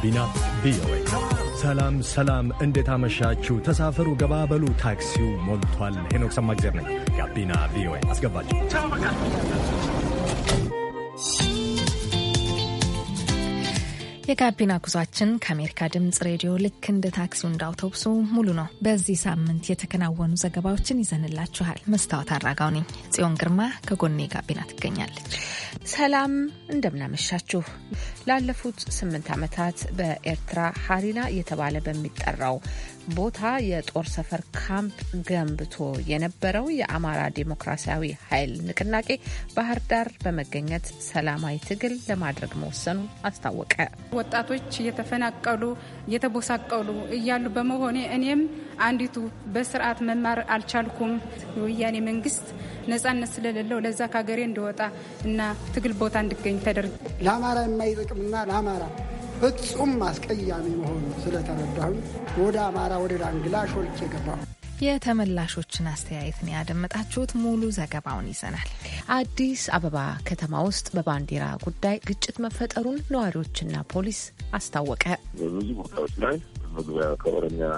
ጋቢና ቪኦኤ። ሰላም ሰላም፣ እንዴት አመሻችሁ? ተሳፈሩ፣ ገባበሉ፣ ታክሲው ሞልቷል። ሄኖክ ሰማግዜር ነኝ። ጋቢና ቪኦኤ አስገባችሁ። የጋቢና ጉዟችን ከአሜሪካ ድምፅ ሬዲዮ ልክ እንደ ታክሲው እንደ አውቶቡሱ ሙሉ ነው። በዚህ ሳምንት የተከናወኑ ዘገባዎችን ይዘንላችኋል። መስታወት አራጋው ነኝ። ጽዮን ግርማ ከጎኔ ጋቢና ትገኛለች። ሰላም እንደምናመሻችሁ። ላለፉት ስምንት ዓመታት በኤርትራ ሀሪና እየተባለ በሚጠራው ቦታ የጦር ሰፈር ካምፕ ገንብቶ የነበረው የአማራ ዴሞክራሲያዊ ኃይል ንቅናቄ ባህር ዳር በመገኘት ሰላማዊ ትግል ለማድረግ መወሰኑ አስታወቀ። ወጣቶች እየተፈናቀሉ እየተቦሳቀሉ እያሉ በመሆኔ እኔም አንዲቱ በስርዓት መማር አልቻልኩም፣ የወያኔ መንግስት ነጻነት ስለሌለው ለዛ ከሀገሬ እንደወጣ እና ትግል ቦታ እንድገኝ ተደርግ ለአማራ የማይጠቅምና ለአማራ ፍጹም አስቀያሚ መሆኑ ስለተረዳሁኝ ወደ አማራ ወደ ዳንግላ ሾልክ የገባሁ። የተመላሾችን አስተያየትን ያደመጣችሁት ሙሉ ዘገባውን ይዘናል። አዲስ አበባ ከተማ ውስጥ በባንዲራ ጉዳይ ግጭት መፈጠሩን ነዋሪዎችና ፖሊስ አስታወቀ። በብዙ ቦታዎች ላይ መግቢያ ከኦሮሚያ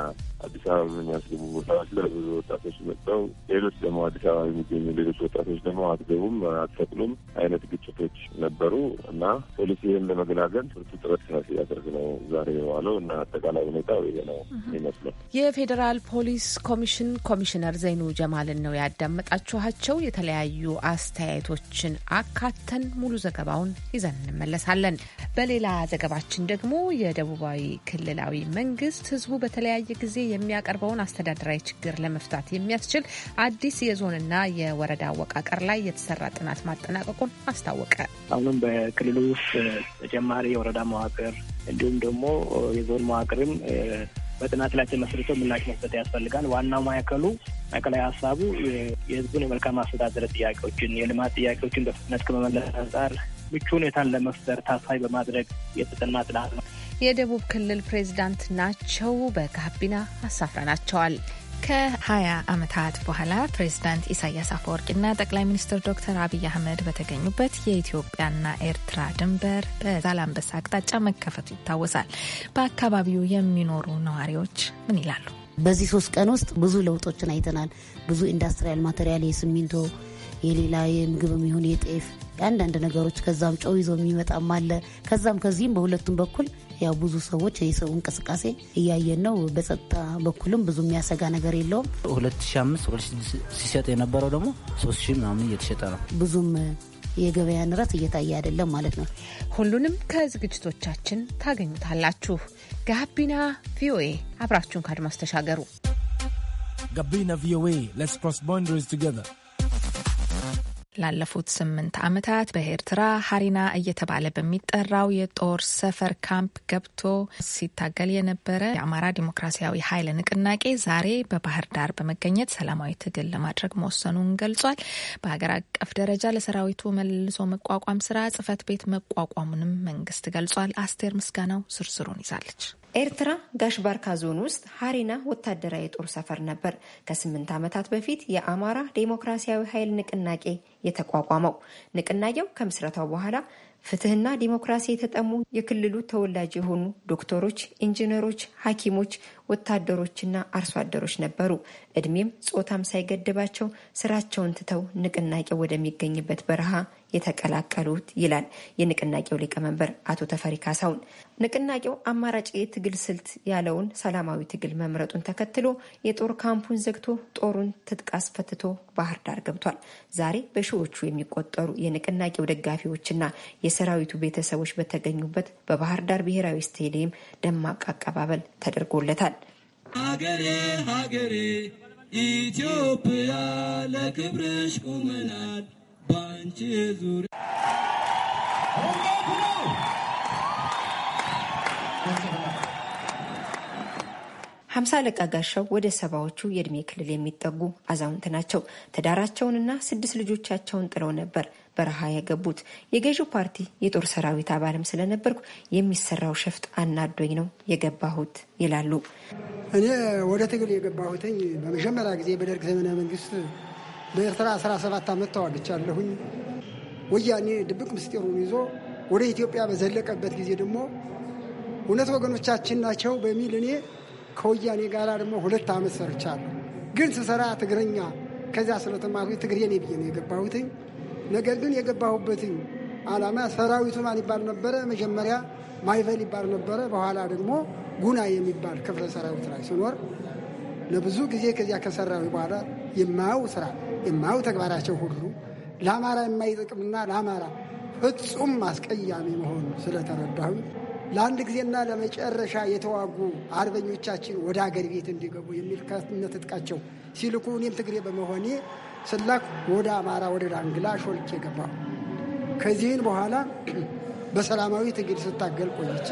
አዲስ አበባ በሚያስገቡ ቦታዎች ላይ ብዙ ወጣቶች መጥተው ሌሎች ደግሞ አዲስ አበባ የሚገኙ ሌሎች ወጣቶች ደግሞ አትገቡም፣ አትፈቅሉም አይነት ግጭቶች ነበሩ እና ፖሊሲ ይህን ለመገላገል ብርቱ ጥረት ሲያደርግ ነው ዛሬ የዋለው እና አጠቃላይ ሁኔታው ይሄ ነው ይመስላል። የፌዴራል ፖሊስ ኮሚሽን ኮሚሽነር ዘይኑ ጀማልን ነው ያዳመጣችኋቸው። የተለያዩ አስተያየቶችን አካተን ሙሉ ዘገባውን ይዘን እንመለሳለን። በሌላ ዘገባችን ደግሞ የደቡባዊ ክልላዊ መንግስት ህዝቡ በተለያየ ጊዜ የሚያቀርበውን አስተዳደራዊ ችግር ለመፍታት የሚያስችል አዲስ የዞንና የወረዳ አወቃቀር ላይ የተሰራ ጥናት ማጠናቀቁን አስታወቀ። አሁንም በክልሉ ውስጥ ተጨማሪ የወረዳ መዋቅር እንዲሁም ደግሞ የዞን መዋቅርም በጥናት ላይ ተመስርቶ ምላሽ መስጠት ያስፈልጋል። ዋናው ማዕከሉ ማዕከላዊ ሀሳቡ የህዝቡን የመልካም አስተዳደር ጥያቄዎችን፣ የልማት ጥያቄዎችን በፍጥነት ከመመለስ አንጻር ምቹ ሁኔታን ለመፍጠር ታሳቢ በማድረግ የተጠና ጥናት ነው። የደቡብ ክልል ፕሬዝዳንት ናቸው። በካቢና አሳፍረናቸዋል። ከ20 ዓመታት በኋላ ፕሬዚዳንት ኢሳያስ አፈወርቂና ጠቅላይ ሚኒስትር ዶክተር አብይ አህመድ በተገኙበት የኢትዮጵያና ኤርትራ ድንበር በዛላንበሳ አቅጣጫ መከፈቱ ይታወሳል። በአካባቢው የሚኖሩ ነዋሪዎች ምን ይላሉ? በዚህ ሶስት ቀን ውስጥ ብዙ ለውጦችን አይተናል። ብዙ ኢንዱስትሪያል ማቴሪያል፣ የሲሚንቶ፣ የሌላ የምግብ የሚሆን የጤፍ አንዳንድ ነገሮች፣ ከዛም ጨው ይዞ የሚመጣም አለ። ከዛም ከዚህም በሁለቱም በኩል ያው ብዙ ሰዎች የሰው እንቅስቃሴ እያየን ነው። በጸጥታ በኩልም ብዙ የሚያሰጋ ነገር የለውም። 2005 ሲሸጥ የነበረው ደግሞ 3 ሺህ ምናምን እየተሸጠ ነው። ብዙም የገበያ ንረት እየታየ አይደለም ማለት ነው። ሁሉንም ከዝግጅቶቻችን ታገኙታላችሁ። ጋቢና ቪኦኤ አብራችሁን ከአድማስ ተሻገሩ። ጋቢና ቪኦኤ ሌትስ ክሮስ ቦንደሪስ ቱጌዘር ላለፉት ስምንት ዓመታት በኤርትራ ሀሪና እየተባለ በሚጠራው የጦር ሰፈር ካምፕ ገብቶ ሲታገል የነበረ የአማራ ዲሞክራሲያዊ ኃይል ንቅናቄ ዛሬ በባህር ዳር በመገኘት ሰላማዊ ትግል ለማድረግ መወሰኑን ገልጿል። በሀገር አቀፍ ደረጃ ለሰራዊቱ መልሶ መቋቋም ስራ ጽህፈት ቤት መቋቋሙንም መንግስት ገልጿል። አስቴር ምስጋናው ዝርዝሩን ይዛለች። ኤርትራ ጋሽባርካ ዞን ውስጥ ሀሬና ወታደራዊ የጦር ሰፈር ነበር ከስምንት ዓመታት በፊት የአማራ ዴሞክራሲያዊ ኃይል ንቅናቄ የተቋቋመው። ንቅናቄው ከምስረታው በኋላ ፍትህና ዲሞክራሲ የተጠሙ የክልሉ ተወላጅ የሆኑ ዶክተሮች፣ ኢንጂነሮች፣ ሐኪሞች፣ ወታደሮችና አርሶ አደሮች ነበሩ። እድሜም ጾታም ሳይገድባቸው ስራቸውን ትተው ንቅናቄው ወደሚገኝበት በረሃ የተቀላቀሉት ይላል የንቅናቄው ሊቀመንበር አቶ ተፈሪ ካሳውን። ንቅናቄው አማራጭ የትግል ስልት ያለውን ሰላማዊ ትግል መምረጡን ተከትሎ የጦር ካምፑን ዘግቶ ጦሩን ትጥቅ አስፈትቶ ባህር ዳር ገብቷል። ዛሬ በሺዎቹ የሚቆጠሩ የንቅናቄው ደጋፊዎችና የሰራዊቱ ቤተሰቦች በተገኙበት በባህር ዳር ብሔራዊ ስቴዲየም ደማቅ አቀባበል ተደርጎለታል። ሀገሬ ሀገሬ ኢትዮጵያ ለክብርሽ ቁመናል በአንቺ ዙሪያ ሀምሳ አለቃ ጋሻው ወደ ሰባዎቹ የእድሜ ክልል የሚጠጉ አዛውንት ናቸው። ትዳራቸውንና ስድስት ልጆቻቸውን ጥለው ነበር በረሃ የገቡት። የገዢው ፓርቲ የጦር ሰራዊት አባልም ስለነበርኩ የሚሰራው ሸፍጥ አናዶኝ ነው የገባሁት ይላሉ። እኔ ወደ ትግል የገባሁትኝ በመጀመሪያ ጊዜ በደርግ ዘመነ መንግስት በኤርትራ 17 ዓመት ተዋግቻለሁኝ። ወያኔ ድብቅ ምስጢሩን ይዞ ወደ ኢትዮጵያ በዘለቀበት ጊዜ ደግሞ እውነት ወገኖቻችን ናቸው በሚል እኔ ከወያኔ ጋር ደግሞ ሁለት ዓመት ሰርቻለሁ። ግን ስሰራ ትግረኛ ከዚያ ስለተማርኩ ትግሬ ነኝ ብዬ ነው የገባሁትኝ። ነገር ግን የገባሁበትኝ ዓላማ ሰራዊቱ ማን ይባል ነበረ? መጀመሪያ ማይቨል ይባል ነበረ። በኋላ ደግሞ ጉና የሚባል ክፍለ ሰራዊት ላይ ስኖር ለብዙ ጊዜ ከዚያ ከሰራዊ በኋላ የማየው ስራ የማየው ተግባራቸው ሁሉ ለአማራ የማይጠቅምና ለአማራ ፍጹም አስቀያሚ መሆኑ ስለተረዳሁኝ ለአንድ ጊዜና ለመጨረሻ የተዋጉ አርበኞቻችን ወደ አገር ቤት እንዲገቡ የሚል ከነት ትጥቃቸው ሲልኩ እኔም ትግሬ በመሆኔ ስላክ ወደ አማራ ወደ ዳንግላ ሾልክ የገባሁ። ከዚህን በኋላ በሰላማዊ ትግል ስታገል ቆይቼ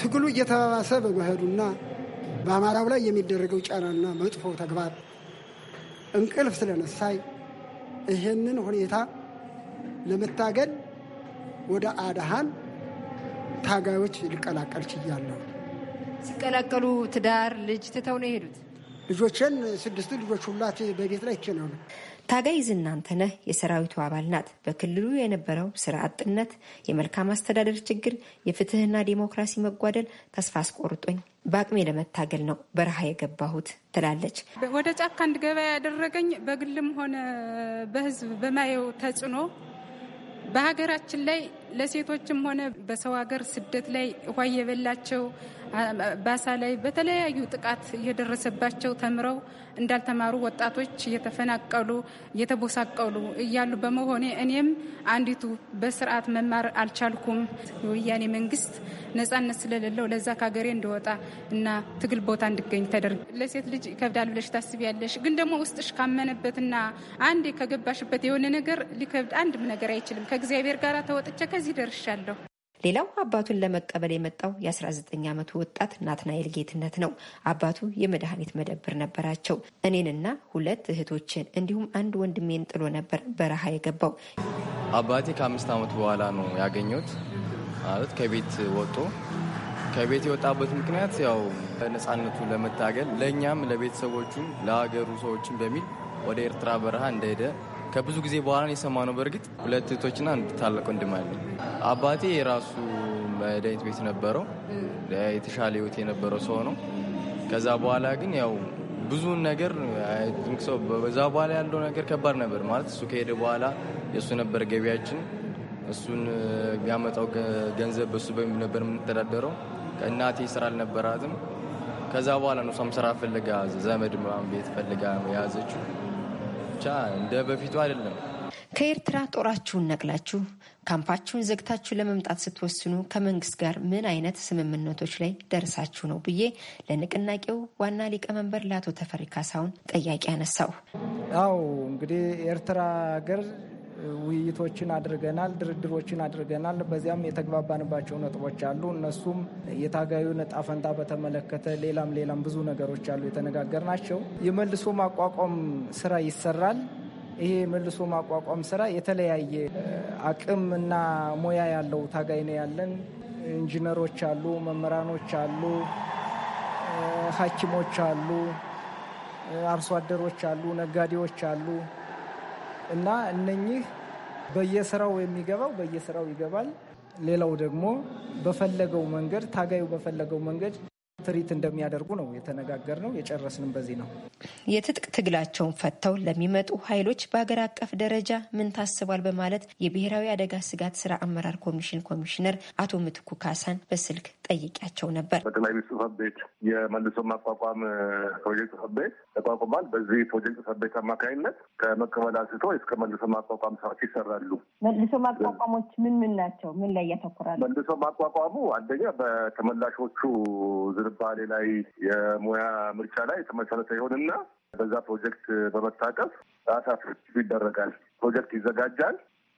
ትግሉ እየተባባሰ በመሄዱና በአማራው ላይ የሚደረገው ጫናና መጥፎ ተግባር እንቅልፍ ስለነሳይ ይህንን ሁኔታ ለመታገል ወደ አድሃን ታጋዮች ሊቀላቀል ችያለሁ። ሲቀላቀሉ ትዳር ልጅ ትተው ነው የሄዱት። ልጆችን ስድስቱ ልጆች ሁላት በቤት ላይ ነው ታጋይ ዝናንተነህ የሰራዊቱ አባል ናት። በክልሉ የነበረው ስራ አጥነት፣ የመልካም አስተዳደር ችግር፣ የፍትህና ዲሞክራሲ መጓደል ተስፋ አስቆርጦኝ በአቅሜ ለመታገል ነው በረሃ የገባሁት ትላለች። ወደ ጫካ እንድገባ ያደረገኝ በግልም ሆነ በህዝብ በማየው ተጽዕኖ በሀገራችን ላይ ለሴቶችም ሆነ በሰው ሀገር ስደት ላይ ውሃ የበላቸው ባሳ ላይ በተለያዩ ጥቃት እየደረሰባቸው ተምረው እንዳልተማሩ ወጣቶች እየተፈናቀሉ እየተቦሳቀሉ እያሉ በመሆኔ እኔም አንዲቱ በስርዓት መማር አልቻልኩም። የወያኔ መንግስት ነጻነት ስለሌለው ለዛ ከሀገሬ እንደወጣ እና ትግል ቦታ እንድገኝ ተደርግ። ለሴት ልጅ ይከብዳል ብለሽ ታስቢያለሽ፣ ግን ደግሞ ውስጥሽ ካመነበትና አንዴ ከገባሽበት የሆነ ነገር ሊከብድ አንድም ነገር አይችልም። ከእግዚአብሔር ጋር ተወጥቼ ከዚህ ደርሻለሁ። ሌላው አባቱን ለመቀበል የመጣው የ19 ዓመቱ ወጣት ናትናኤል ጌትነት ነው። አባቱ የመድኃኒት መደብር ነበራቸው። እኔንና ሁለት እህቶችን እንዲሁም አንድ ወንድሜን ጥሎ ነበር በረሃ የገባው። አባቴ ከአምስት ዓመት በኋላ ነው ያገኘሁት። ማለት ከቤት ወጦ ከቤት የወጣበት ምክንያት ያው ነፃነቱ ለመታገል ለእኛም፣ ለቤተሰቦቹም፣ ለሀገሩ ሰዎችም በሚል ወደ ኤርትራ በረሃ እንደሄደ ከብዙ ጊዜ በኋላ የሰማ ነው። በእርግጥ ሁለት እህቶችና አንድ ታላቅ ወንድም አለ። አባቴ የራሱ መድኃኒት ቤት ነበረው። የተሻለ ህይወት የነበረው ሰው ነው። ከዛ በኋላ ግን ያው ብዙውን ነገር ሰው በዛ በኋላ ያለው ነገር ከባድ ነበር ማለት እሱ ከሄደ በኋላ የእሱ ነበር ገቢያችን እሱን የሚያመጣው ገንዘብ በእሱ ነበር የምንተዳደረው። ከእናቴ ስራ አልነበራትም። ከዛ በኋላ ነው እሷም ስራ ፈልጋ ዘመድ ቤት ፈልጋ የያዘችው። ብቻ እንደ በፊቱ አይደለም። ከኤርትራ ጦራችሁን ነቅላችሁ ካምፓችሁን ዘግታችሁ ለመምጣት ስትወስኑ ከመንግስት ጋር ምን አይነት ስምምነቶች ላይ ደርሳችሁ ነው ብዬ ለንቅናቄው ዋና ሊቀመንበር ለአቶ ተፈሪ ካሳሁን ጥያቄ አነሳው። አው እንግዲህ ኤርትራ ሀገር ውይይቶችን አድርገናል፣ ድርድሮችን አድርገናል። በዚያም የተግባባንባቸው ነጥቦች አሉ። እነሱም የታጋዩን እጣ ፈንታ በተመለከተ ሌላም ሌላም ብዙ ነገሮች አሉ የተነጋገር ናቸው። የመልሶ ማቋቋም ስራ ይሰራል። ይሄ የመልሶ ማቋቋም ስራ የተለያየ አቅም እና ሙያ ያለው ታጋይ ነው ያለን። ኢንጂነሮች አሉ፣ መምህራኖች አሉ፣ ሐኪሞች አሉ፣ አርሶ አደሮች አሉ፣ ነጋዴዎች አሉ እና እነኚህ በየስራው የሚገባው በየስራው ይገባል። ሌላው ደግሞ በፈለገው መንገድ ታጋዩ በፈለገው መንገድ ትሪት እንደሚያደርጉ ነው የተነጋገር ነው። የጨረስንም በዚህ ነው። የትጥቅ ትግላቸውን ፈተው ለሚመጡ ኃይሎች በሀገር አቀፍ ደረጃ ምን ታስቧል በማለት የብሔራዊ አደጋ ስጋት ስራ አመራር ኮሚሽን ኮሚሽነር አቶ ምትኩ ካሳን በስልክ ጠይቂያቸው ነበር። በጠቅላይ ሚኒስትር ጽሕፈት ቤት የመልሶ ማቋቋም ፕሮጀክት ጽሕፈት ቤት ተቋቁሟል። በዚህ ፕሮጀክት ጽሕፈት ቤት አማካኝነት ከመቀበል አንስቶ እስከ መልሶ ማቋቋም ስራዎች ይሰራሉ። መልሶ ማቋቋሞች ምን ምን ናቸው? ምን ላይ ያተኩራሉ? መልሶ ማቋቋሙ አንደኛ በተመላሾቹ ዝር ዝንባሌ ላይ የሙያ ምርጫ ላይ የተመሰረተ ይሆንና በዛ ፕሮጀክት በመታቀፍ ራሳ ይደረጋል። ፕሮጀክት ይዘጋጃል።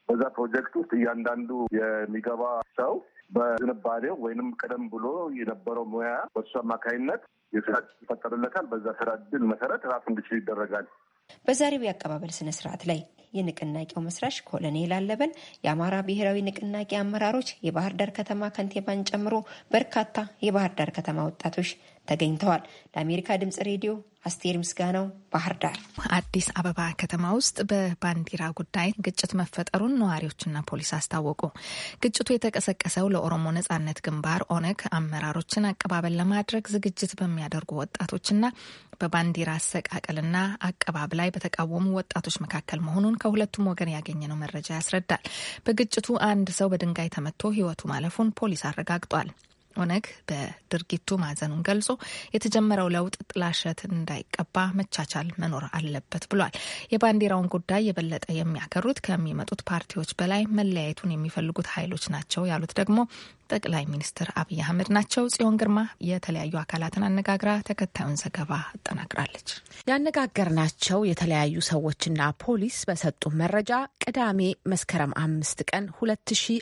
በዛ ፕሮጀክት ውስጥ እያንዳንዱ የሚገባ ሰው በዝንባሌው ወይንም ቀደም ብሎ የነበረው ሙያ በሱ አማካኝነት የስራ ይፈጠርለታል። በዛ ስራ እድል መሰረት ራሱ እንዲችል ይደረጋል። በዛሬው የአቀባበል ስነ ስርዓት ላይ የንቅናቄው መስራች ኮሎኔል አለበል የአማራ ብሔራዊ ንቅናቄ አመራሮች የባህር ዳር ከተማ ከንቲባን ጨምሮ በርካታ የባህር ዳር ከተማ ወጣቶች ተገኝተዋል። ለአሜሪካ ድምጽ ሬዲዮ አስቴር ምስጋናው ባህር ዳር። አዲስ አበባ ከተማ ውስጥ በባንዲራ ጉዳይ ግጭት መፈጠሩን ነዋሪዎችና ፖሊስ አስታወቁ። ግጭቱ የተቀሰቀሰው ለኦሮሞ ነጻነት ግንባር ኦነግ አመራሮችን አቀባበል ለማድረግ ዝግጅት በሚያደርጉ ወጣቶችና በባንዲራ አሰቃቀልና አቀባብ ላይ በተቃወሙ ወጣቶች መካከል መሆኑን ከሁለቱም ወገን ያገኘነው መረጃ ያስረዳል። በግጭቱ አንድ ሰው በድንጋይ ተመቶ ሕይወቱ ማለፉን ፖሊስ አረጋግጧል። ኦነግ በድርጊቱ ማዘኑን ገልጾ የተጀመረው ለውጥ ጥላሸት እንዳይቀባ መቻቻል መኖር አለበት ብሏል። የባንዲራውን ጉዳይ የበለጠ የሚያከሩት ከሚመጡት ፓርቲዎች በላይ መለያየቱን የሚፈልጉት ኃይሎች ናቸው ያሉት ደግሞ ጠቅላይ ሚኒስትር አብይ አህመድ ናቸው። ጽዮን ግርማ የተለያዩ አካላትን አነጋግራ ተከታዩን ዘገባ አጠናቅራለች። ያነጋገርናቸው የተለያዩ ሰዎችና ፖሊስ በሰጡ መረጃ ቅዳሜ መስከረም አምስት ቀን 2010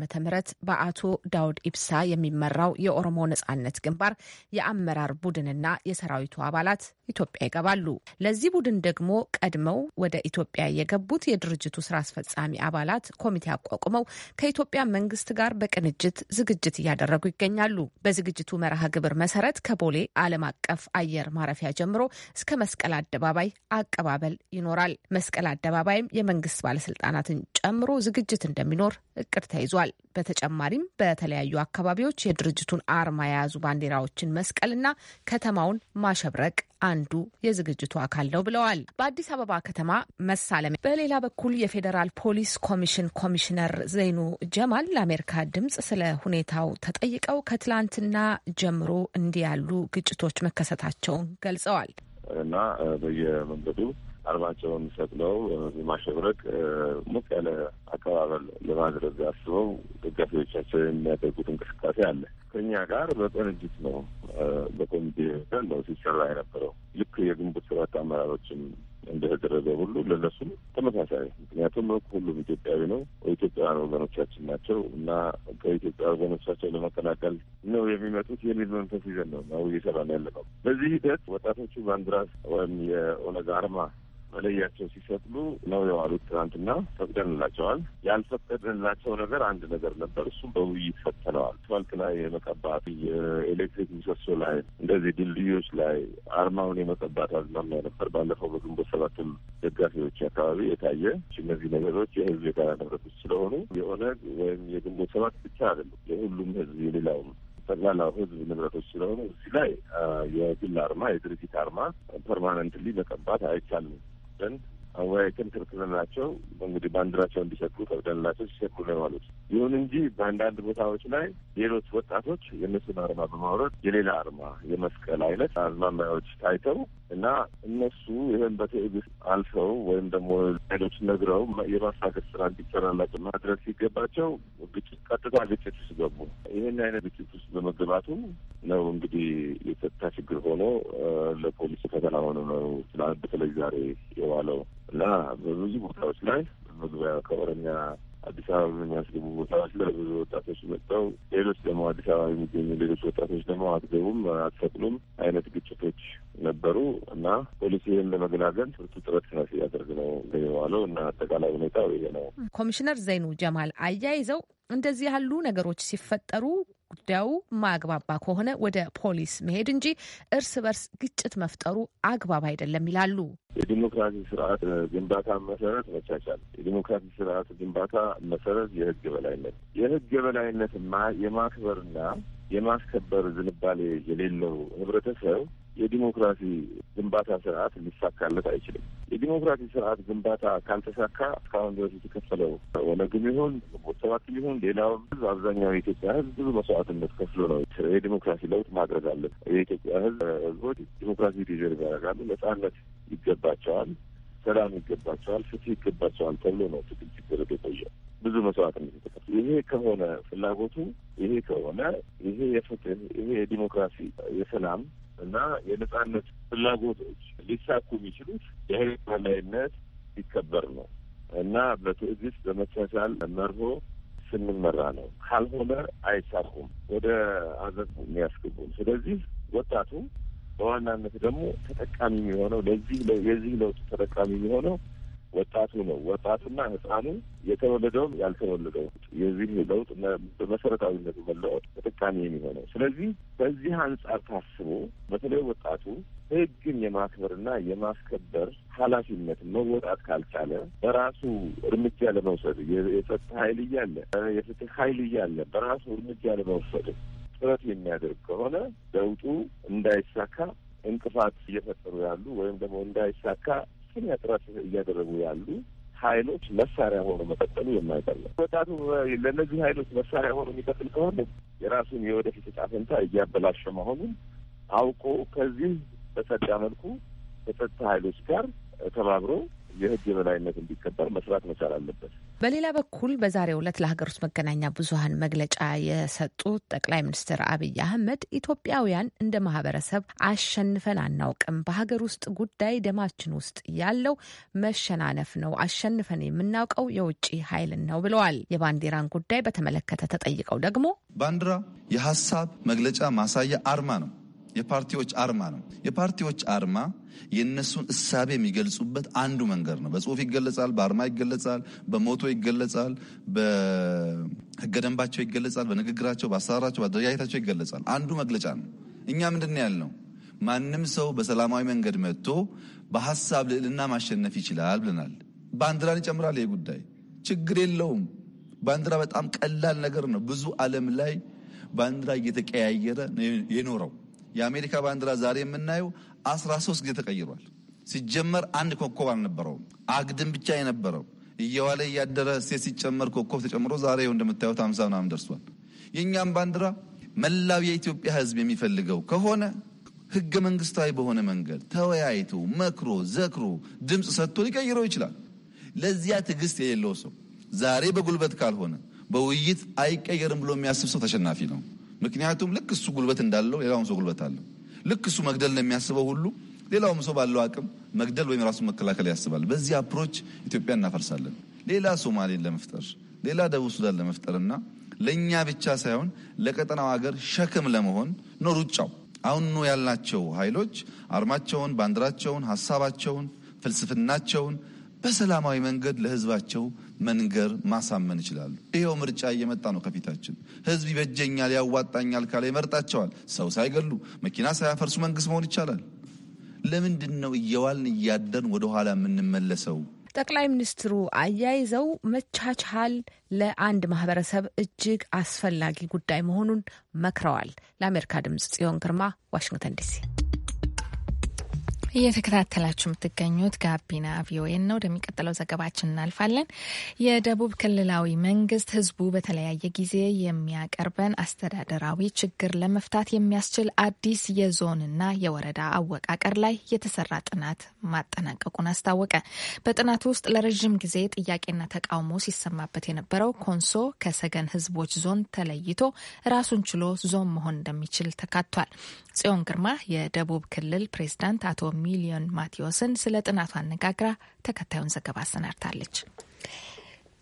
ዓ.ም በአቶ ዳውድ ኢብሳ የሚመራው የኦሮሞ ነጻነት ግንባር የአመራር ቡድንና የሰራዊቱ አባላት ኢትዮጵያ ይገባሉ። ለዚህ ቡድን ደግሞ ቀድመው ወደ ኢትዮጵያ የገቡት የድርጅቱ ስራ አስፈጻሚ አባላት ኮሚቴ አቋቁመው ከኢትዮጵያ መንግስት ጋር በቅንጅት ለማዘጋጀት ዝግጅት እያደረጉ ይገኛሉ። በዝግጅቱ መርሃ ግብር መሰረት ከቦሌ ዓለም አቀፍ አየር ማረፊያ ጀምሮ እስከ መስቀል አደባባይ አቀባበል ይኖራል። መስቀል አደባባይም የመንግስት ባለስልጣናትን ጨምሮ ዝግጅት እንደሚኖር እቅድ ተይዟል። በተጨማሪም በተለያዩ አካባቢዎች የድርጅቱን አርማ የያዙ ባንዲራዎችን መስቀልና ከተማውን ማሸብረቅ አንዱ የዝግጅቱ አካል ነው ብለዋል። በአዲስ አበባ ከተማ መሳለሚያ። በሌላ በኩል የፌዴራል ፖሊስ ኮሚሽን ኮሚሽነር ዘይኑ ጀማል ለአሜሪካ ድምጽ ስለ ሁኔታው ተጠይቀው ከትላንትና ጀምሮ እንዲህ ያሉ ግጭቶች መከሰታቸውን ገልጸዋል እና በየመንገዱ አርባቸውን ሰቅለው የማሸብረቅ ሞቅ ያለ አቀባበል ለማድረግ አስበው ደጋፊዎቻቸው የሚያደርጉት እንቅስቃሴ አለ። ከኛ ጋር በቅንጅት ነው በኮሚቴ ነው ሲሰራ የነበረው። ልክ የግንቦት ሰባት አመራሮችም እንደተደረገ ሁሉ ለነሱም ተመሳሳይ። ምክንያቱም ሁሉም ኢትዮጵያዊ ነው፣ ኢትዮጵያውያን ወገኖቻችን ናቸው እና ከኢትዮጵያ ወገኖቻቸው ለመቀላቀል ነው የሚመጡት የሚል መንፈስ ይዘን ነው ነው እየሰራን ያለ ነው። በዚህ ሂደት ወጣቶቹ ባንዲራ ወይም የኦነግ አርማ መለያቸው ሲሰጥሉ ነው የዋሉት። ትናንትና ፈቅደንላቸዋል። ያልፈቀድንላቸው ነገር አንድ ነገር ነበር። እሱም በውይይት ፈተነዋል። አስፋልት ላይ የመቀባት የኤሌክትሪክ ምሰሶ ላይ እንደዚህ ድልድዮች ላይ አርማውን የመቀባት አዝማሚያ ነበር ባለፈው በግንቦት ሰባትም ደጋፊዎች አካባቢ የታየ። እነዚህ ነገሮች የህዝብ የጋራ ንብረቶች ስለሆኑ የኦነግ ወይም የግንቦት ሰባት ብቻ አይደሉም፣ የሁሉም ህዝብ የሌላውም ጠቅላላው ህዝብ ንብረቶች ስለሆኑ እዚህ ላይ የግል አርማ የድርጅት አርማ ፐርማነንትሊ መቀባት አይቻልም። ዘንድ አወያይተን ክርክርናቸው እንግዲህ ባንዲራቸው እንዲሰጡ ፈቅደንላቸው ሲሰጡ ነው የዋሉት። ይሁን እንጂ በአንዳንድ ቦታዎች ላይ ሌሎች ወጣቶች የእነሱን አርማ በማውረድ የሌላ አርማ የመስቀል አይነት አዝማሚያዎች ታይተው እና እነሱ ይህን በትዕግስት አልፈው ወይም ደግሞ ሌሎች ነግረው የማሳገር ስራ እንዲሰራላቸው ማድረግ ሲገባቸው ግጭት ቀጥታ ግጭት ውስጥ ገቡ። ይህን አይነት ግጭት ውስጥ በመግባቱ ነው እንግዲህ የጸጥታ ችግር ሆኖ ለፖሊስ ፈተና ሆኖ ነው ትናንት በተለይ ዛሬ የዋለው እና በብዙ ቦታዎች ላይ መግቢያ ከኦሮሚያ አዲስ አበባ በሚያስገቡ ቦታዎች ላይ ብዙ ወጣቶች መጥተው ሌሎች ደግሞ አዲስ አበባ የሚገኙ ሌሎች ወጣቶች ደግሞ አትገቡም፣ አትፈቅሉም አይነት ግጭቶች ነበሩ እና ፖሊሲ ይህን ለመገላገል ብርቱ ጥረት ነው ሲያደርግ ነው የዋለው እና አጠቃላይ ሁኔታ ይሄ ነው። ኮሚሽነር ዘይኑ ጀማል አያይዘው እንደዚህ ያሉ ነገሮች ሲፈጠሩ ጉዳዩ ማግባባ ከሆነ ወደ ፖሊስ መሄድ እንጂ እርስ በርስ ግጭት መፍጠሩ አግባብ አይደለም ይላሉ። የዲሞክራሲ ስርዓት ግንባታ መሰረት መቻቻል፣ የዲሞክራሲ ስርዓት ግንባታ መሰረት የህግ በላይነት የህግ የበላይነት የማክበርና የማስከበር ዝንባሌ የሌለው ህብረተሰብ የዲሞክራሲ ግንባታ ስርዓት ሊሳካለት አይችልም። የዲሞክራሲ ስርዓት ግንባታ ካልተሳካ እስካሁን ድረስ የተከፈለው ወለግም ይሁን ግንቦት ሰባት ይሁን ሌላውም ህዝብ አብዛኛው የኢትዮጵያ ህዝብ ብዙ መስዋዕትነት ከፍሎ ነው የዲሞክራሲ ለውጥ ማድረግ አለ። የኢትዮጵያ ህዝብ ህዝቦች ዲሞክራሲ ዲዘርቭ ያደርጋሉ። ነጻነት ይገባቸዋል፣ ሰላም ይገባቸዋል፣ ፍትህ ይገባቸዋል ተብሎ ነው ትግል ሲደረግ የቆየ ብዙ መስዋዕትነት የተከፈለ ይሄ ከሆነ ፍላጎቱ ይሄ ከሆነ ይሄ የፍትህ ይሄ የዲሞክራሲ የሰላም እና የነጻነት ፍላጎቶች ሊሳኩ የሚችሉት የህግ የበላይነት ሲከበር ነው እና በትዕግስት በመቻቻል መርሆ ስንመራ ነው። ካልሆነ አይሳኩም፣ ወደ አዘት የሚያስገቡን። ስለዚህ ወጣቱ በዋናነት ደግሞ ተጠቃሚ የሚሆነው ለዚህ የዚህ ለውጥ ተጠቃሚ የሚሆነው ወጣቱ ነው። ወጣቱና ህፃኑ የተወለደውም ያልተወለደው የዚህ ለውጥ በመሰረታዊነቱ መለወጥ ተጠቃሚ የሚሆነው። ስለዚህ በዚህ አንጻር ታስቦ በተለይ ወጣቱ ህግን የማክበርና የማስከበር ኃላፊነት መወጣት ካልቻለ በራሱ እርምጃ ለመውሰድ የጸጥታ ኃይል እያለ የፍትህ ኃይል እያለ በራሱ እርምጃ ለመውሰድ ጥረት የሚያደርግ ከሆነ ለውጡ እንዳይሳካ እንቅፋት እየፈጠሩ ያሉ ወይም ደግሞ እንዳይሳካ ከፍተኛ ጥረት እያደረጉ ያሉ ኃይሎች መሳሪያ ሆኖ መቀጠሉ የማይቀር ወጣቱ ለእነዚህ ኃይሎች መሳሪያ ሆኖ የሚቀጥል ከሆነ የራሱን የወደፊት ዕጣ ፈንታ እያበላሸ መሆኑን አውቆ ከዚህ በሰዳ መልኩ ከጸጥታ ኃይሎች ጋር ተባብሮ የህግ የበላይነት እንዲከበር መስራት መቻል አለበት። በሌላ በኩል በዛሬው ዕለት ለሀገር ውስጥ መገናኛ ብዙኃን መግለጫ የሰጡት ጠቅላይ ሚኒስትር አብይ አህመድ ኢትዮጵያውያን እንደ ማህበረሰብ አሸንፈን አናውቅም፣ በሀገር ውስጥ ጉዳይ ደማችን ውስጥ ያለው መሸናነፍ ነው፣ አሸንፈን የምናውቀው የውጭ ኃይልን ነው ብለዋል። የባንዲራን ጉዳይ በተመለከተ ተጠይቀው ደግሞ ባንዲራ የሀሳብ መግለጫ ማሳያ አርማ ነው የፓርቲዎች አርማ ነው። የፓርቲዎች አርማ የእነሱን እሳቤ የሚገልጹበት አንዱ መንገድ ነው። በጽሁፍ ይገለጻል፣ በአርማ ይገለጻል፣ በሞቶ ይገለጻል፣ በህገ ደንባቸው ይገለጻል፣ በንግግራቸው፣ በአሰራራቸው፣ በአደረጃጀታቸው ይገለጻል። አንዱ መግለጫ ነው። እኛ ምንድን ነው ያልነው? ማንም ሰው በሰላማዊ መንገድ መጥቶ በሀሳብ ልዕልና ማሸነፍ ይችላል ብለናል። ባንዲራን ይጨምራል። ይህ ጉዳይ ችግር የለውም። ባንዲራ በጣም ቀላል ነገር ነው። ብዙ ዓለም ላይ ባንዲራ እየተቀያየረ የኖረው የአሜሪካ ባንዲራ ዛሬ የምናየው አስራ ሶስት ጊዜ ተቀይሯል። ሲጀመር አንድ ኮከብ አልነበረውም። አግድም ብቻ የነበረው እየዋለ እያደረ ሴት ሲጨመር ኮከብ ተጨምሮ ዛሬ እንደምታዩት አምሳ ምናምን ደርሷል። የእኛም ባንዲራ መላው የኢትዮጵያ ሕዝብ የሚፈልገው ከሆነ ህገ መንግስታዊ በሆነ መንገድ ተወያይቶ መክሮ ዘክሮ ድምፅ ሰጥቶ ሊቀይረው ይችላል። ለዚያ ትዕግስት የሌለው ሰው ዛሬ በጉልበት ካልሆነ በውይይት አይቀየርም ብሎ የሚያስብ ሰው ተሸናፊ ነው። ምክንያቱም ልክ እሱ ጉልበት እንዳለው ሌላውም ሰው ጉልበት አለው። ልክ እሱ መግደል ነው የሚያስበው ሁሉ ሌላውም ሰው ባለው አቅም መግደል ወይም ራሱን መከላከል ያስባል። በዚህ አፕሮች ኢትዮጵያ እናፈርሳለን። ሌላ ሶማሌን ለመፍጠር ሌላ ደቡብ ሱዳን ለመፍጠርና ለእኛ ብቻ ሳይሆን ለቀጠናው ሀገር ሸክም ለመሆን ነው ሩጫው። አሁን ነው ያልናቸው ኃይሎች አርማቸውን፣ ባንዲራቸውን፣ ሀሳባቸውን፣ ፍልስፍናቸውን በሰላማዊ መንገድ ለህዝባቸው መንገር ማሳመን ይችላሉ። ይኸው ምርጫ እየመጣ ነው ከፊታችን። ህዝብ ይበጀኛል፣ ያዋጣኛል ካለ ይመርጣቸዋል። ሰው ሳይገሉ መኪና ሳያፈርሱ መንግስት መሆን ይቻላል። ለምንድን ነው እየዋልን እያደርን ወደኋላ የምንመለሰው? ጠቅላይ ሚኒስትሩ አያይዘው መቻቻል ለአንድ ማህበረሰብ እጅግ አስፈላጊ ጉዳይ መሆኑን መክረዋል። ለአሜሪካ ድምጽ ጽዮን ግርማ ዋሽንግተን ዲሲ እየተከታተላችሁ የምትገኙት ጋቢና ቪኦኤን ነው። ወደሚቀጥለው ዘገባችን እናልፋለን። የደቡብ ክልላዊ መንግስት ህዝቡ በተለያየ ጊዜ የሚያቀርበን አስተዳደራዊ ችግር ለመፍታት የሚያስችል አዲስ የዞንና የወረዳ አወቃቀር ላይ የተሰራ ጥናት ማጠናቀቁን አስታወቀ። በጥናቱ ውስጥ ለረዥም ጊዜ ጥያቄና ተቃውሞ ሲሰማበት የነበረው ኮንሶ ከሰገን ህዝቦች ዞን ተለይቶ ራሱን ችሎ ዞን መሆን እንደሚችል ተካቷል። ጽዮን ግርማ የደቡብ ክልል ፕሬዚዳንት አቶ ሚሊዮን ማቴዎስን ስለ ጥናቱ አነጋግራ ተከታዩን ዘገባ አሰናድታለች።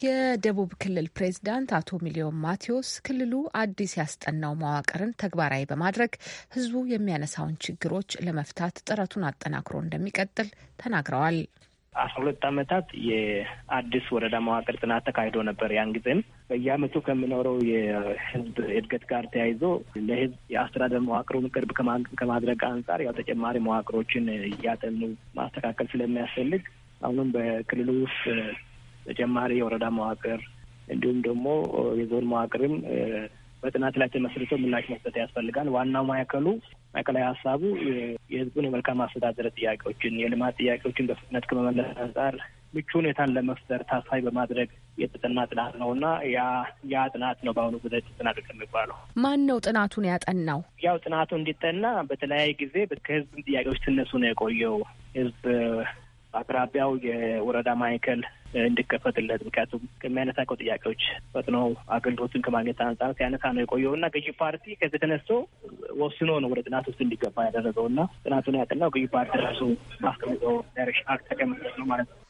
የደቡብ ክልል ፕሬዝዳንት አቶ ሚሊዮን ማቴዎስ ክልሉ አዲስ ያስጠናው መዋቅርን ተግባራዊ በማድረግ ህዝቡ የሚያነሳውን ችግሮች ለመፍታት ጥረቱን አጠናክሮ እንደሚቀጥል ተናግረዋል። አስራ ሁለት አመታት የአዲስ ወረዳ መዋቅር ጥናት ተካሂዶ ነበር። ያን ጊዜም በየአመቱ ከምኖረው የህዝብ እድገት ጋር ተያይዞ ለህዝብ የአስተዳደር መዋቅሩን ቅርብ ከማድረግ አንጻር ያው ተጨማሪ መዋቅሮችን እያጠኑ ማስተካከል ስለሚያስፈልግ አሁንም በክልሉ ውስጥ ተጨማሪ የወረዳ መዋቅር እንዲሁም ደግሞ የዞን መዋቅርም በጥናት ላይ ተመስርቶ ምላሽ መስጠት ያስፈልጋል። ዋናው ማዕከሉ ላይ ሀሳቡ የህዝቡን የመልካም አስተዳደር ጥያቄዎችን፣ የልማት ጥያቄዎችን በፍጥነት ከመመለስ አንጻር ምቹ ሁኔታን ለመፍጠር ታሳቢ በማድረግ የተጠና ጥናት ነው እና ያ ጥናት ነው በአሁኑ ጊዜ ተጠናቀቅ የሚባለው። ማን ነው ጥናቱን ያጠናው? ያው ጥናቱ እንዲጠና በተለያየ ጊዜ ከህዝብ ጥያቄዎች ትነሱ ነው የቆየው ህዝብ በአቅራቢያው የወረዳ ማዕከል እንዲከፈትለት ምክንያቱም ከሚያነሳቀው ጥያቄዎች ፈጥኖ አገልግሎቱን ከማግኘት አንጻር ሲያነሳ ነው የቆየው እና ገዢ ፓርቲ ከዚህ ተነስቶ ወስኖ ነው ወደ ጥናት ውስጥ እንዲገባ ያደረገው እና ጥናቱን ያጠናው ገዢ ፓርቲ ራሱ ማስቀምጠው ዳይሬክሽን አክት ተቀምጠት ነው ማለት ነው።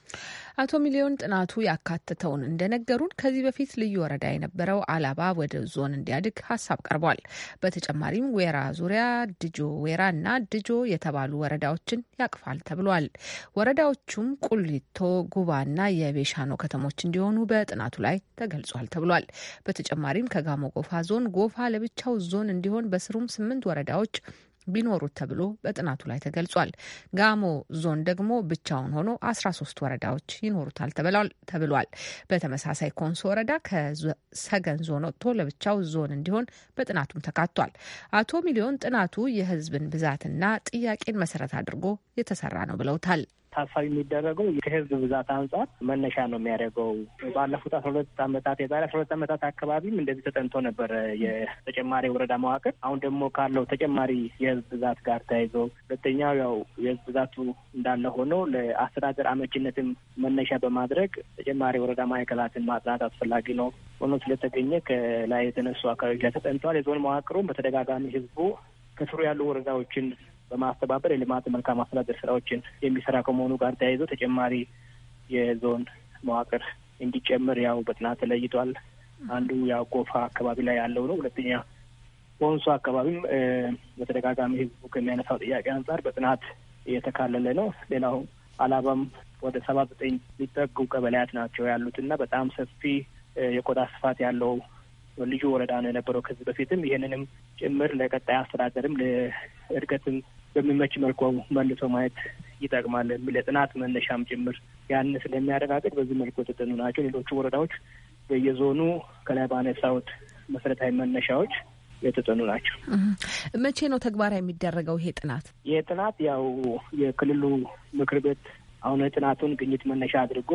አቶ ሚሊዮን ጥናቱ ያካተተውን እንደነገሩን ከዚህ በፊት ልዩ ወረዳ የነበረው አላባ ወደ ዞን እንዲያድግ ሀሳብ ቀርቧል። በተጨማሪም ዌራ ዙሪያ፣ ድጆ ዌራ እና ድጆ የተባሉ ወረዳዎችን ያቅፋል ተብሏል። ወረዳዎቹም ቁሊቶ፣ ጉባና የቤሻኖ ከተሞች እንዲሆኑ በጥናቱ ላይ ተገልጿል ተብሏል። በተጨማሪም ከጋሞ ጎፋ ዞን ጎፋ ለብቻው ዞን እንዲሆን በስሩም ስምንት ወረዳዎች ቢኖሩት ተብሎ በጥናቱ ላይ ተገልጿል። ጋሞ ዞን ደግሞ ብቻውን ሆኖ 13 ወረዳዎች ይኖሩታል ተብሏል። በተመሳሳይ ኮንሶ ወረዳ ከሰገን ዞን ወጥቶ ለብቻው ዞን እንዲሆን በጥናቱም ተካቷል። አቶ ሚሊዮን ጥናቱ የህዝብን ብዛትና ጥያቄን መሰረት አድርጎ የተሰራ ነው ብለውታል። ታሳቢ የሚደረገው ከህዝብ ብዛት አንጻር መነሻ ነው የሚያደርገው። ባለፉት አስራ ሁለት አመታት የዛሬ አስራ ሁለት አመታት አካባቢም እንደዚህ ተጠንቶ ነበረ የተጨማሪ ወረዳ መዋቅር። አሁን ደግሞ ካለው ተጨማሪ የህዝብ ብዛት ጋር ተያይዞ ሁለተኛው ያው የህዝብ ብዛቱ እንዳለ ሆኖ ለአስተዳደር አመችነትም መነሻ በማድረግ ተጨማሪ ወረዳ ማዕከላትን ማጽናት አስፈላጊ ነው ሆኖ ስለተገኘ ከላይ የተነሱ አካባቢዎች ላይ ተጠንተዋል። የዞን መዋቅሩን በተደጋጋሚ ህዝቡ ከስሩ ያሉ ወረዳዎችን በማስተባበር የልማት መልካም አስተዳደር ስራዎችን የሚሰራ ከመሆኑ ጋር ተያይዞ ተጨማሪ የዞን መዋቅር እንዲጨምር ያው በጥናት ተለይቷል። አንዱ ያው ጎፋ አካባቢ ላይ ያለው ነው። ሁለተኛ ወንሶ አካባቢም በተደጋጋሚ ህዝቡ ከሚያነሳው ጥያቄ አንጻር በጥናት እየተካለለ ነው። ሌላው አላባም ወደ ሰባ ዘጠኝ ሊጠጉ ቀበሌያት ናቸው ያሉት እና በጣም ሰፊ የቆዳ ስፋት ያለው ልዩ ወረዳ ነው የነበረው ከዚህ በፊትም ይህንንም ጭምር ለቀጣይ አስተዳደርም ለእድገትም በሚመች መልኩ መልሶ ማየት ይጠቅማል ለጥናት መነሻም ጭምር ያን ስለሚያረጋግጥ በዚህ መልኩ የተጠኑ ናቸው። ሌሎቹ ወረዳዎች በየዞኑ ከላይ ባነሳሁት መሰረታዊ መነሻዎች የተጠኑ ናቸው። መቼ ነው ተግባራዊ የሚደረገው ይሄ ጥናት? ይህ ጥናት ያው የክልሉ ምክር ቤት አሁን ጥናቱን ግኝት መነሻ አድርጎ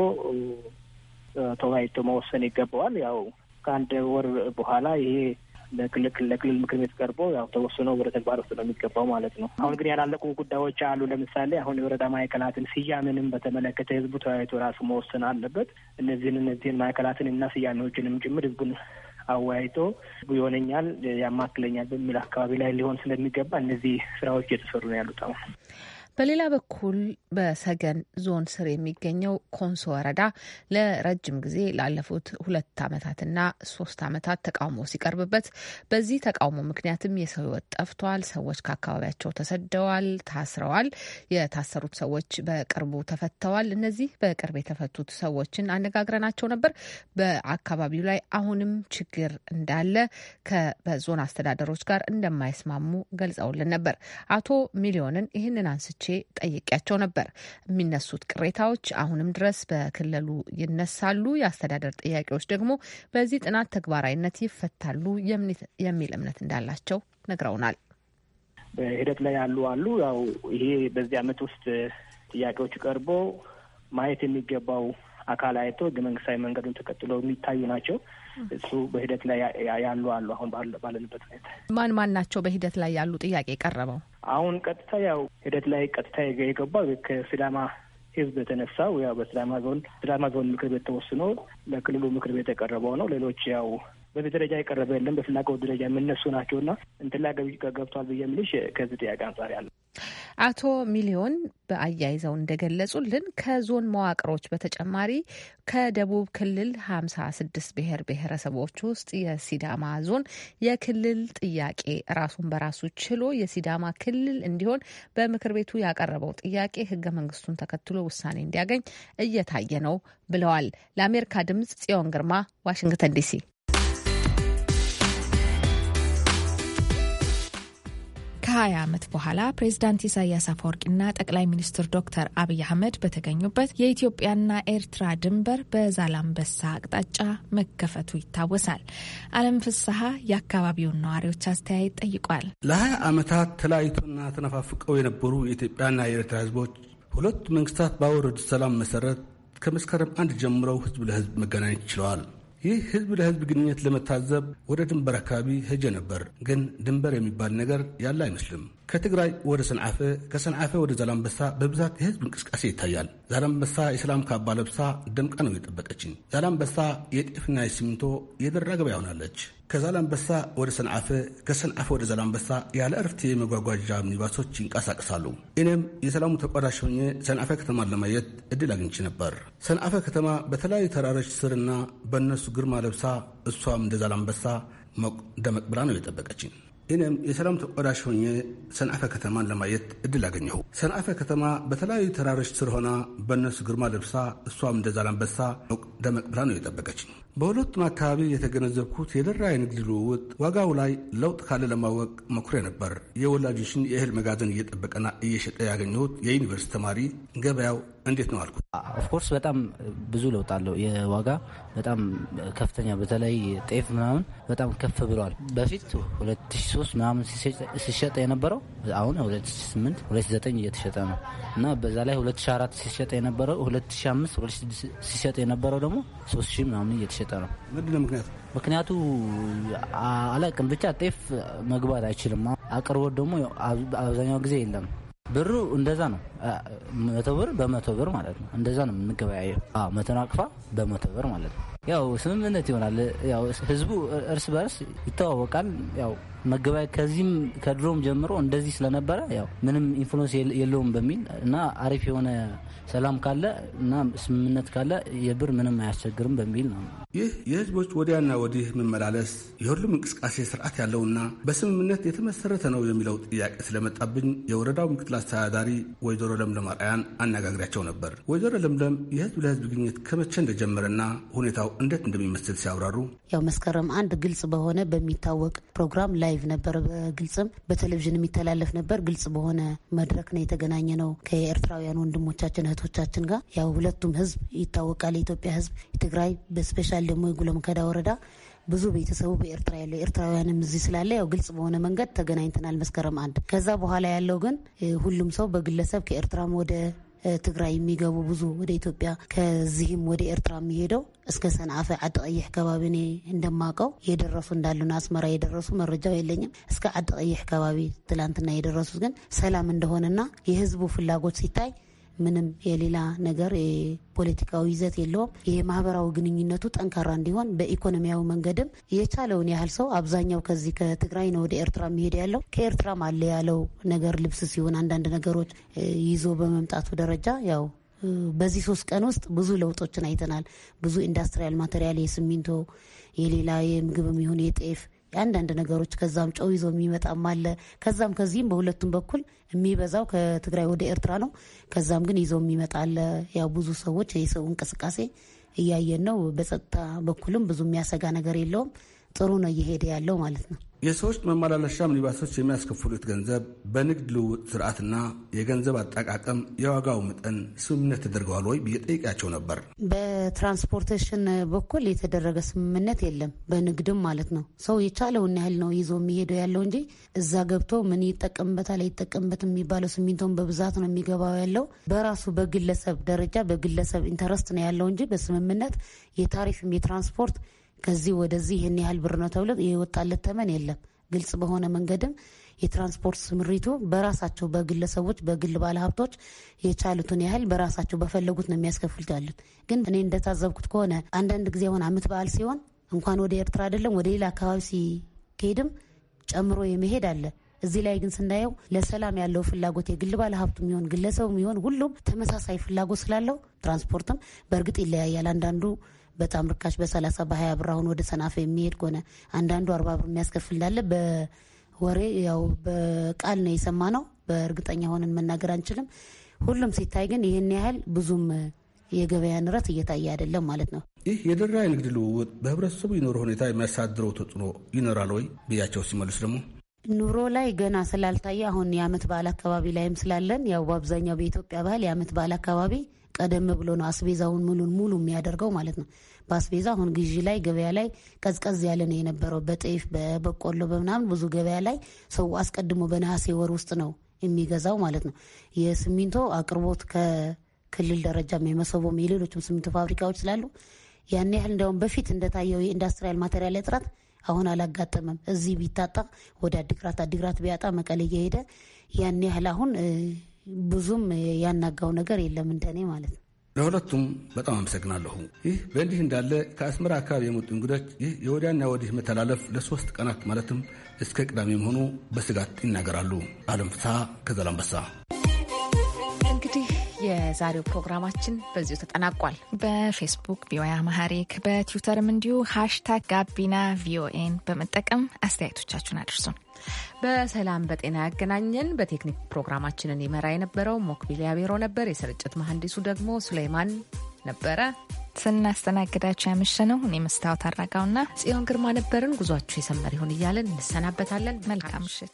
ተወያይቶ መወሰን ይገባዋል። ያው ከአንድ ወር በኋላ ይሄ ለክልል ምክር ቤት ቀርቦ ያው ተወስኖ ወደ ተግባር ውስጥ ነው የሚገባው ማለት ነው። አሁን ግን ያላለቁ ጉዳዮች አሉ። ለምሳሌ አሁን የወረዳ ማዕከላትን ስያሜንም በተመለከተ ህዝቡ ተወያይቶ ራሱ መወሰን አለበት። እነዚህን እነዚህን ማዕከላትን እና ስያሜዎችንም ጭምር ህዝቡን አወያይቶ ይሆነኛል ያማክለኛል በሚል አካባቢ ላይ ሊሆን ስለሚገባ እነዚህ ስራዎች እየተሰሩ ነው ያሉት አሁን በሌላ በኩል በሰገን ዞን ስር የሚገኘው ኮንሶ ወረዳ ለረጅም ጊዜ ላለፉት ሁለት ዓመታትና ሶስት ዓመታት ተቃውሞ ሲቀርብበት በዚህ ተቃውሞ ምክንያትም የሰው ሕይወት ጠፍቷል። ሰዎች ከአካባቢያቸው ተሰደዋል፣ ታስረዋል። የታሰሩት ሰዎች በቅርቡ ተፈተዋል። እነዚህ በቅርብ የተፈቱት ሰዎችን አነጋግረናቸው ነበር። በአካባቢው ላይ አሁንም ችግር እንዳለ ከበዞን አስተዳደሮች ጋር እንደማይስማሙ ገልጸውልን ነበር። አቶ ሚሊዮንን ይህንን አንስቼ ጠይቂያቸው ነበር። የሚነሱት ቅሬታዎች አሁንም ድረስ በክልሉ ይነሳሉ፣ የአስተዳደር ጥያቄዎች ደግሞ በዚህ ጥናት ተግባራዊነት ይፈታሉ የሚል እምነት እንዳላቸው ነግረውናል። በሂደት ላይ ያሉ አሉ። ያው ይሄ በዚህ አመት ውስጥ ጥያቄዎች ቀርቦ ማየት የሚገባው አካል አይቶ ህገ መንግስታዊ መንገዱን ተከትሎ የሚታዩ ናቸው። እሱ በሂደት ላይ ያሉ አሉ። አሁን ባለንበት ሁኔታ ማን ማን ናቸው በሂደት ላይ ያሉ? ጥያቄ የቀረበው አሁን ቀጥታ ያው ሂደት ላይ ቀጥታ የገባው ከሲዳማ ህዝብ የተነሳው ያው በሲዳማ ዞን ሲዳማ ዞን ምክር ቤት ተወስኖ ለክልሉ ምክር ቤት የቀረበው ነው። ሌሎች ያው በዚህ ደረጃ የቀረበ የለም። በፍላጎት ደረጃ የምነሱ ናቸውና እንትን ላይ ገብቷል ብዬ የምልሽ ከዚህ ጥያቄ አንጻር ያለ አቶ ሚሊዮን በአያይዘው እንደገለጹልን ከዞን መዋቅሮች በተጨማሪ ከደቡብ ክልል ሀምሳ ስድስት ብሔር ብሔረሰቦች ውስጥ የሲዳማ ዞን የክልል ጥያቄ ራሱን በራሱ ችሎ የሲዳማ ክልል እንዲሆን በምክር ቤቱ ያቀረበው ጥያቄ ህገ መንግስቱን ተከትሎ ውሳኔ እንዲያገኝ እየታየ ነው ብለዋል። ለአሜሪካ ድምጽ ጽዮን ግርማ ዋሽንግተን ዲሲ ከ20 ዓመት በኋላ ፕሬዚዳንት ኢሳያስ አፈወርቂና ጠቅላይ ሚኒስትር ዶክተር አብይ አህመድ በተገኙበት የኢትዮጵያና ኤርትራ ድንበር በዛላምበሳ አቅጣጫ መከፈቱ ይታወሳል። አለም ፍስሀ የአካባቢውን ነዋሪዎች አስተያየት ጠይቋል። ለ20 ዓመታት ተለያይቶና ተነፋፍቀው የነበሩ የኢትዮጵያና የኤርትራ ህዝቦች ሁለቱ መንግስታት ባወረዱት ሰላም መሰረት ከመስከረም አንድ ጀምረው ህዝብ ለህዝብ መገናኘት ችለዋል። ይህ ህዝብ ለህዝብ ግንኙነት ለመታዘብ ወደ ድንበር አካባቢ ሄጄ ነበር፣ ግን ድንበር የሚባል ነገር ያለ አይመስልም። ከትግራይ ወደ ሰንዓፈ ከሰንዓፈ ወደ ዛላምበሳ በብዛት የህዝብ እንቅስቃሴ ይታያል። ዛላምበሳ የሰላም ካባ ለብሳ ደምቃ ነው የጠበቀችኝ። ዛላምበሳ የጤፍና የሲሚንቶ የደራ ገበያ ሆናለች። ከዛላምበሳ ወደ ሰንዓፈ ከሰንዓፈ ወደ ዛላምበሳ ያለ እረፍት የመጓጓዣ ሚኒባሶች ይንቀሳቀሳሉ። እኔም የሰላሙ ተቋዳሽ ሆኜ ሰንዓፈ ከተማን ለማየት እድል አግኝቼ ነበር። ሰንዓፈ ከተማ በተለያዩ ተራሮች ስርና በእነሱ ግርማ ለብሳ እሷም እንደ ዛላምበሳ ደመቅ ብላ ነው የጠበቀችን። እኔም የሰላም ተቋዳሽ ሆኜ ሰንአፈ ከተማን ለማየት እድል አገኘሁ። ሰንአፈ ከተማ በተለያዩ ተራሮች ስር ሆና በእነሱ ግርማ ለብሳ እሷም እንደ ዛላንበሳ ደመቅ ብላ ነው የጠበቀችኝ። በሁለቱም አካባቢ የተገነዘብኩት የደራ የንግድ ልውውጥ ዋጋው ላይ ለውጥ ካለ ለማወቅ መኩሬ ነበር። የወላጆችን የእህል መጋዘን እየጠበቀና እየሸጠ ያገኘሁት የዩኒቨርስቲ ተማሪ ገበያው እንዴት ነው አልኩ። ኦፍኮርስ በጣም ብዙ ለውጥ አለው። የዋጋ በጣም ከፍተኛ፣ በተለይ ጤፍ ምናምን በጣም ከፍ ብሏል። በፊት 2003 ምናምን ሲሸጥ የነበረው አሁን 2008 2009 እየተሸጠ ነው እና በዛ ላይ 2004 ሲሸጥ የነበረው 2005 2006 ሲሸጥ የነበረው ደግሞ 3000 ምናምን እየተሸጠ የሚፈጠረው? ምንድነው ምክንያቱ? ምክንያቱ አላቅም ብቻ ጤፍ መግባት አይችልም። አቅርቦት ደግሞ አብዛኛው ጊዜ የለም። ብሩ እንደዛ ነው። መቶ ብር በመቶ ብር ማለት ነው። እንደዛ ነው የምንገበያየው። መተናቅፋ በመቶ ብር ማለት ነው። ያው ስምምነት ይሆናል። ያው ህዝቡ እርስ በርስ ይተዋወቃል። ያው መገበያ ከዚህም ከድሮም ጀምሮ እንደዚህ ስለነበረ ያው ምንም ኢንፍሉንስ የለውም በሚል እና አሪፍ የሆነ ሰላም ካለ እና ስምምነት ካለ የብር ምንም አያስቸግርም በሚል ነው። ይህ የህዝቦች ወዲያና ወዲህ መመላለስ የሁሉም እንቅስቃሴ ስርዓት ያለውና በስምምነት የተመሰረተ ነው የሚለው ጥያቄ ስለመጣብኝ የወረዳው ምክትል አስተዳዳሪ ወይዘሮ ለምለም አርያን አነጋግሪያቸው ነበር። ወይዘሮ ለምለም የህዝብ ለህዝብ ግኝት ከመቼ እንደጀመረና ሁኔታው ሁኔታው እንዴት እንደሚመስል ሲያብራሩ ያው መስከረም አንድ ግልጽ በሆነ በሚታወቅ ፕሮግራም ላይቭ ነበር። በግልጽም በቴሌቪዥን የሚተላለፍ ነበር። ግልጽ በሆነ መድረክ ነው የተገናኘ ነው ከኤርትራውያን ወንድሞቻችን እህቶቻችን ጋር። ያው ሁለቱም ህዝብ ይታወቃል። የኢትዮጵያ ህዝብ የትግራይ በስፔሻል ደግሞ የጉለምከዳ ወረዳ ብዙ ቤተሰቡ በኤርትራ ያለው ኤርትራውያንም እዚህ ስላለ ያው ግልጽ በሆነ መንገድ ተገናኝተናል መስከረም አንድ። ከዛ በኋላ ያለው ግን ሁሉም ሰው በግለሰብ ከኤርትራም ወደ ትግራይ የሚገቡ ብዙ ወደ ኢትዮጵያ ከዚህም ወደ ኤርትራ የሚሄደው እስከ ሰንአፈ ዓዲ ቀይሕ ከባቢ እኔ እንደማውቀው የደረሱ እንዳሉን አስመራ የደረሱ መረጃው የለኝም። እስከ ዓዲ ቀይሕ ከባቢ ትላንትና የደረሱት ግን ሰላም እንደሆነና የህዝቡ ፍላጎት ሲታይ ምንም የሌላ ነገር የፖለቲካዊ ይዘት የለውም። ይሄ ማህበራዊ ግንኙነቱ ጠንካራ እንዲሆን በኢኮኖሚያዊ መንገድም የቻለውን ያህል ሰው አብዛኛው ከዚህ ከትግራይ ነው ወደ ኤርትራ የሚሄድ ያለው ከኤርትራም አለ ያለው ነገር ልብስ ሲሆን አንዳንድ ነገሮች ይዞ በመምጣቱ ደረጃ ያው በዚህ ሶስት ቀን ውስጥ ብዙ ለውጦችን አይተናል። ብዙ ኢንዱስትሪያል ማቴሪያል የሲሚንቶ የሌላ የምግብም ይሁን የጤፍ የአንዳንድ ነገሮች ከዛም ጨው ይዞ የሚመጣም አለ። ከዛም ከዚህም በሁለቱም በኩል የሚበዛው ከትግራይ ወደ ኤርትራ ነው። ከዛም ግን ይዞ የሚመጣ አለ። ያው ብዙ ሰዎች የሰው እንቅስቃሴ እያየን ነው። በጸጥታ በኩልም ብዙ የሚያሰጋ ነገር የለውም። ጥሩ ነው እየሄደ ያለው ማለት ነው። የሰዎች መመላለሻ ሚኒባሶች የሚያስከፍሉት ገንዘብ በንግድ ልውውጥ ስርዓትና የገንዘብ አጠቃቀም የዋጋው መጠን ስምምነት ተደርገዋል ወይ ብዬ ነበር። በትራንስፖርቴሽን በኩል የተደረገ ስምምነት የለም። በንግድም ማለት ነው። ሰው የቻለውን ያህል ነው ይዞ የሚሄደው ያለው እንጂ እዛ ገብቶ ምን ይጠቀምበታል ይጠቀምበት የሚባለው ሲሚንቶን በብዛት ነው የሚገባው ያለው። በራሱ በግለሰብ ደረጃ በግለሰብ ኢንተረስት ነው ያለው እንጂ በስምምነት የታሪፍም የትራንስፖርት ከዚህ ወደዚህ ይህን ያህል ብር ነው ተብሎ የወጣለት ተመን የለም። ግልጽ በሆነ መንገድም የትራንስፖርት ስምሪቱ በራሳቸው በግለሰቦች በግል ባለሀብቶች የቻሉትን ያህል በራሳቸው በፈለጉት ነው የሚያስከፍሉት ያሉት። ግን እኔ እንደታዘብኩት ከሆነ አንዳንድ ጊዜ አሁን ዓመት በዓል ሲሆን እንኳን ወደ ኤርትራ አይደለም ወደ ሌላ አካባቢ ሲሄድም ጨምሮ የመሄድ አለ። እዚህ ላይ ግን ስናየው ለሰላም ያለው ፍላጎት የግል ባለሀብቱ የሚሆን ግለሰቡ የሚሆን ሁሉም ተመሳሳይ ፍላጎት ስላለው ትራንስፖርትም በእርግጥ ይለያያል። አንዳንዱ በጣም ርካሽ በሰላሳ በሀያ ብር አሁን ወደ ሰናፈ የሚሄድ ከሆነ አንዳንዱ አርባ ብር የሚያስከፍል እንዳለ በወሬ ያው በቃል ነው የሰማ ነው። በእርግጠኛ ሆነን መናገር አንችልም። ሁሉም ሲታይ ግን ይህን ያህል ብዙም የገበያ ንረት እየታየ አይደለም ማለት ነው። ይህ የደራ የንግድ ልውውጥ በህብረተሰቡ የኑሮ ሁኔታ የሚያሳድረው ተጽዕኖ ይኖራል ወይ ብያቸው ሲመልስ ደግሞ ኑሮ ላይ ገና ስላልታየ አሁን የአመት በዓል አካባቢ ላይም ስላለን ያው በአብዛኛው በኢትዮጵያ ባህል የአመት በዓል አካባቢ ቀደም ብሎ ነው አስቤዛውን ሙሉን ሙሉ የሚያደርገው ማለት ነው። በአስቤዛ አሁን ግዢ ላይ ገበያ ላይ ቀዝቀዝ ያለ ነው የነበረው። በጤፍ በበቆሎ በምናምን ብዙ ገበያ ላይ ሰው አስቀድሞ በነሐሴ ወር ውስጥ ነው የሚገዛው ማለት ነው። የሲሚንቶ አቅርቦት ከክልል ደረጃም የመሰቦም የሌሎችም ሲሚንቶ ፋብሪካዎች ስላሉ ያን ያህል እንደውም በፊት እንደታየው የኢንዱስትሪያል ማቴሪያል እጥረት አሁን አላጋጠመም። እዚህ ቢታጣ ወደ አዲግራት፣ አዲግራት ቢያጣ መቀለ እየሄደ ያን ያህል አሁን ብዙም ያናጋው ነገር የለም እንደኔ ማለት ነው። ለሁለቱም በጣም አመሰግናለሁ። ይህ በእንዲህ እንዳለ ከአስመራ አካባቢ የመጡ እንግዶች ይህ የወዲያና ወዲህ መተላለፍ ለሶስት ቀናት ማለትም እስከ ቅዳሜ መሆኑ በስጋት ይናገራሉ። አለም ፍስሐ ከዘላምበሳ እንግዲህ የዛሬው ፕሮግራማችን በዚሁ ተጠናቋል። በፌስቡክ ቪኦኤ አማሃሪክ በትዊተርም እንዲሁ ሃሽታግ ጋቢና ቪኦኤን በመጠቀም አስተያየቶቻችሁን አድርሱን። በሰላም በጤና ያገናኘን። በቴክኒክ ፕሮግራማችንን ይመራ የነበረው ሞክቢል ያቤሮ ነበር። የስርጭት መሐንዲሱ ደግሞ ሱሌይማን ነበረ። ስናስተናግዳቸው ያመሸ ነው። እኔ መስታወት አራጋውና ጽዮን ግርማ ነበርን። ጉዟችሁ የሰመር ይሁን እያለን እንሰናበታለን። መልካም ምሽት።